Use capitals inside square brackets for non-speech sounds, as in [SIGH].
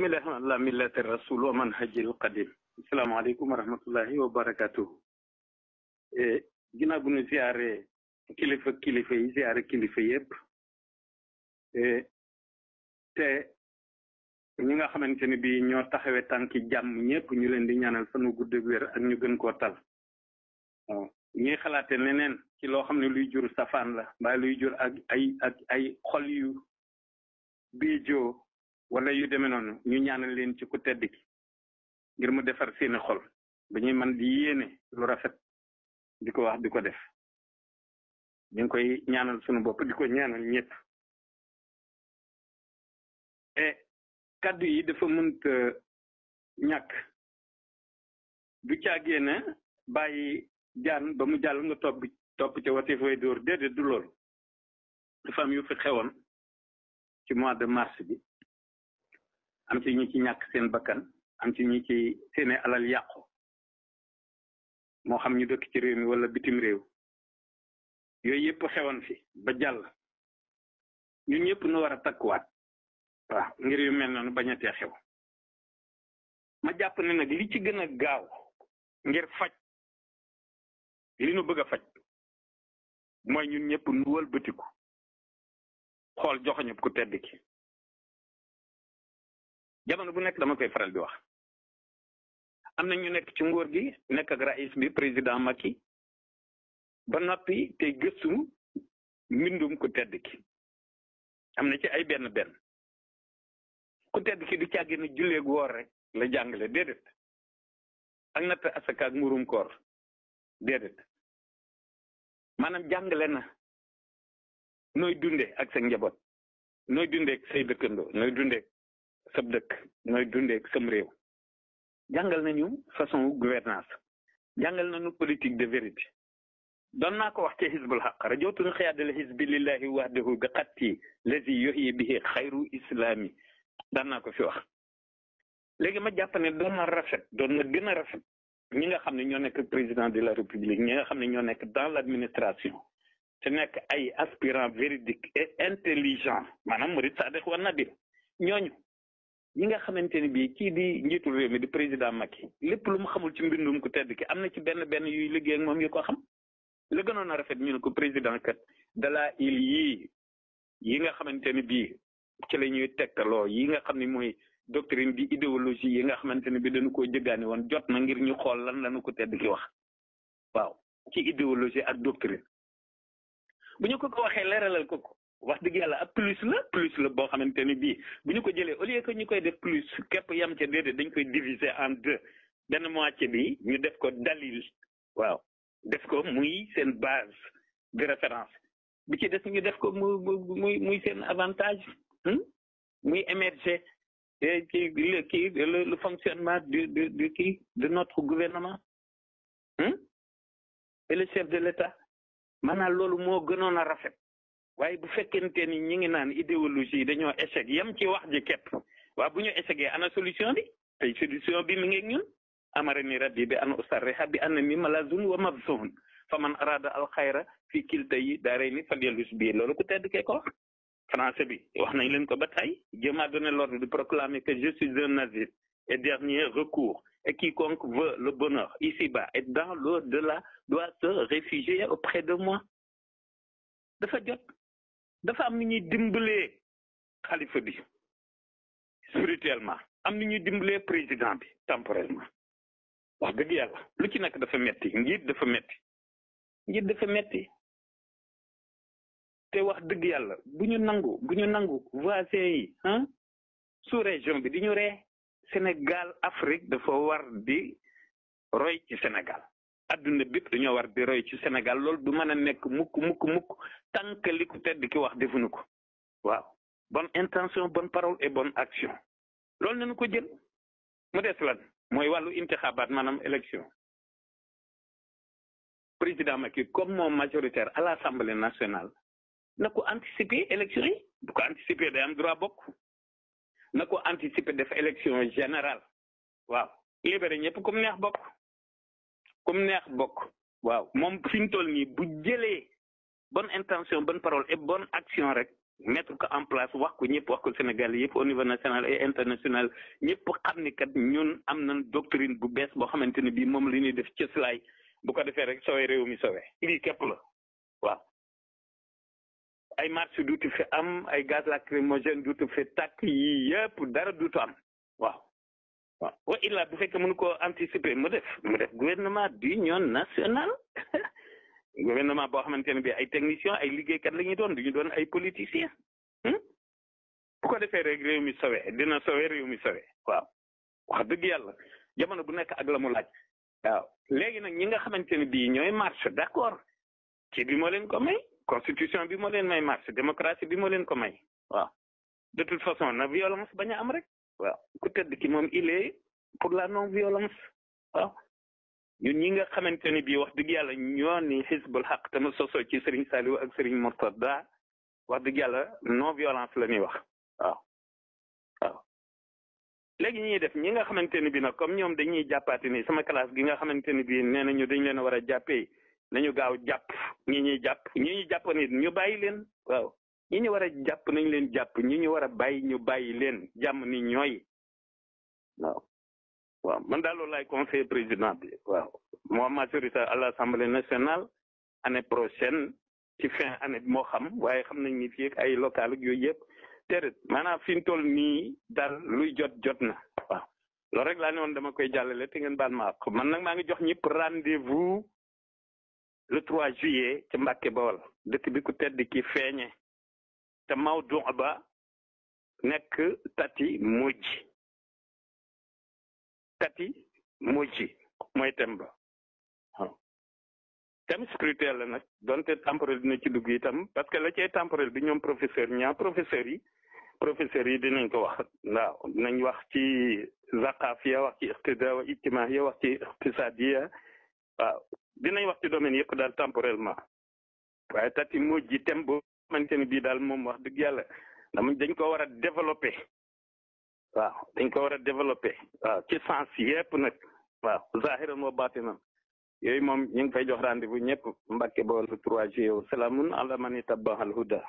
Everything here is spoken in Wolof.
mi ala millati rasul wa manhajil qadim asalaamaaleykum wa rahmatullahi wa barakatuhu e, ginnaaw bu ñu siyaare kilifa kilifa yi siyaare kilifa yëpp e, te ñi nga xamante ne bii ñoo taxawee tànki jàmm ñëpp ñu leen di ñaanal fanu gudd ak wér ak ñu gën koo tal waaw ñuy xalaate leneen ci loo xam ne luy jur safaan la mbaa luy jur ak ay ak ay xol yu biijoo wala yu demee noonu ñu ñaanal leen ci ku tedd ngir mu defar seeni xol ba man di yéene lu rafet di ko wax di ko def ñu ngi koy ñaanal sunu bopp di ko ñaanal ñëpp e kàddu yi dafa mënt ñàkk du caagee na bàyyi jaan ba mu jàll nga topp topp ca wati fay dóor déedéet du lool dafa am yu fi xewoon ci mois de mars bi am ci ñi ci ñàkk seen bakkan am ci ñi ci seeni alal yàqu moo xam ñu dëkk ci réew mi wala bitim réew yooyu yëpp xewoon fi ba jàll ñun ñëpp nu war a takkuwaat waaw ngir yu mel noonu bañatee xew ma jàpp ne nag li ci gën a gaaw ngir faj li nu bëgg a faj mooy ñun ñëpp nu wëlbatiku xool joxoñu ku tedd ki jamono bu nekk dama koy faral bi wax am na ñu nekk ci nguur gi nekk ak raïs bi président Macky ba noppi tey gëstu mbindum ku tedd ki am na ci ay benn benn ku tedd ki du càggi na julleeg woor rek la jàngale déedéet ak natt asaka ak murum koor déedéet maanaam jàngale na nooy dunde ak sa njaboot nooy dunde say dëkkandoo noy dunde sab dëkk nooy dundeek sam jàngal nañu façon gouvernance jàngal nañu politique de vérité doon naa ko wax ci xisbul xaq rajowtun xiyaadal xisbi lillahi wahdahu bi xatti lazi yuhyi bihi xayru islaami daan naa ko fi wax léegi ma jàpp ne doon na rafet doon na gën a rafet ñi nga xam ne ñoo nekk président de la république ñi nga xam ne ñoo nekk dans l'administration te nekk ay aspirant véridique et intelligent maanaam murid saadiq wa nabil ñooñu ñi nga xamante ni bii kii di njiitul réew mi di président Macky lépp lu mu xamul ci mbindum ku tedd ki am na ci benn benn yuy liggéey ak moom yu ko xam la a rafet ñu ne ko président kat dalaa il yi yi nga xamante ni bii ci la ñuy tegtaloo yi nga xam ni mooy doctrine bi idéologie yi nga xamante ne bi dañu koo jëggaani woon jot na ngir ñu xool lan lañu ko tedd ki wax waaw ki idéologie ak doctrine bu ñu ko ko waxee leeralal ko ko wax dëgg yàlla ak plus la plus la boo xamante ni bii bu ñu ko jëlee au lieu que ñu koy def plus képp yam ca déedéet dañ koy diviser en deux benn moitié bi ñu def ko dalil waaw def ko muy seen base de référence bi ci des ñu def ko mu muy muy seen avantage hmm? muy émerger ci le kii fonctionnement du du du kii de notre gouvernement hmm? et le chef de l'État maanaam loolu moo gënoon a rafet waaye bu fekkente ni ñi ngi naan idéologie dañoo échec yem ci wax ji képp waa bu ñu échecgee ana solution bi tey solution bi mi ngi ak ñun amara ni rabbi bi an usarriha bi anna mi malazun wa mabzun fa man arada alxayra fi kilta yi daaray ni falyalus bii loolu ku tedd kee ko wax français bi wax nañ leen ko ba tey Dieu m'a donné l'ordre de proclamer que je suis un asile et dernier recours et quiconque veut le bonheur ici-bas et dans l'au-delà doit se réfugier de moi dafa jot dafa am ni ñuy dimbalee xalifa bi spirituellement am ni ñuy dimbalee président bi temporellement wax dëgg yàlla lu ci nekk dafa metti njiit dafa metti njiit dafa metti te wax dëgg yàlla bu ñu nangu bu ñu nangu voisin yi ah région bi di ñu ree Sénégal Afrique dafa war di roy ci Sénégal adduna bépp ñoo war di roy ci Sénégal loolu du mën a nekk mukk mukk mukk tànk li ku tedd ki wax defuñu ko waaw bonne intention bonne parole et bonne action loolu nañu ko jël mu des lan mooy wàllu intixabaat maanaam élection président Macky comme moom majoritaire à l'Assemblée nationale na ko anticiper élection yi bu ko anticiper day am droit bokk na ko anticiper def élection générale waaw libéré ñëpp comme neex bokk kum neex bokk waaw moom fi mu toll nii bu jëlee bonne intention bonne parole et bonne action rek mettre ko en place wax ko ñëpp wax ko Sénégal yëpp au niveau national et international ñëpp xam ni kat ñun am na doctrine bu bees boo xamante ne bii moom li ñuy def cëslaay bu ko defee rek sowee réew mi sowee lii képp la waaw ay marche duutu fi am ay gaz lacrymogène duutu fi tàkk yii yëpp dara duutu am waaw wa illa bu fekkee mënu koo anticiper mu def mu def gouvernement d'union nationale [LAUGHS] gouvernement boo xamante ne bi ay technicien ay liggéeykat la ñuy doon du doon ay politicien hmm? bu ko defee rek réew mi sowe dina sowe réew mi sowe waaw wax dëgg yàlla jamono bu nekk ak la mu laaj waaw léegi nag ñi nga xamante ne bii ñooy marche d'accord ci bi moo leen ko may constitution bi moo leen may marche démocratie bi moo leen ko may waaw de toute façon na a am waaw ku tedd ki moom il est pour la non violence waaw ñun ñi nga xamante ni bii wax dëgg yàlla ñoo ni xisbul xaq tama soso ci sëriñ Saliou ak sëriñ Mortada wax dëgg yàlla non violence la ñuy wax waaw waaw léegi ñuy def ñi nga xamante ni bi nag comme ñoom dañuy jàppaati ni sama classe gi nga xamante ni bii nee nañu dañ leen war a jàppee nañu gaaw jàpp ñi ñuy jàpp ñi ñuy jàpp nit ñu bàyyi leen waaw ñi ñu war a jàpp nañ leen jàpp ñi ñu war a bàyyi ñu bàyyi leen jàmm ni ñooy waaw man daal loolu laay conseil président bi waaw moo majorité à l'Assemblée nationale année prochaine ci fin année moo xam waaye xam nañ ni fii ay local ak yooyu yëpp teret maanaam fi mu toll nii daal luy jot jot na waaw loolu rek laa ne woon dama koy jàllele te ngeen baal ma àq man nag maa ngi jox ñëpp rendez-vous le 3 juillet ci Mbàkke Bawol dëkk bi ku tedd ki feeñe te mawdu ba nekk tati mujj tati mujj mooy tem ba waaw tem scrutel la nag donte temporel dina ci dugg itam parce que la cay temporel bi ñoom professeur ñaa professeur yi professeur yi dinañ ko wax waaw dinañ wax ci zaqaafiya wax ci iqtidaa wa ijtimaahiya wax ci iqtisaadiya waaw dinañ wax ci domaine yëpp daal temporellement waaye tati mujj tem bo xamante ne bii daal moom wax dëgg yàlla dama dañ koo war a développer waaw dañ ko war a développer waaw ci sens yépp nag waaw zahiran wa batinan yooyu moom ñu ngi fay jox rendez-vous ñëpp Mbàkke Bawol 3 juillet wa salaamun ala man itabahal huda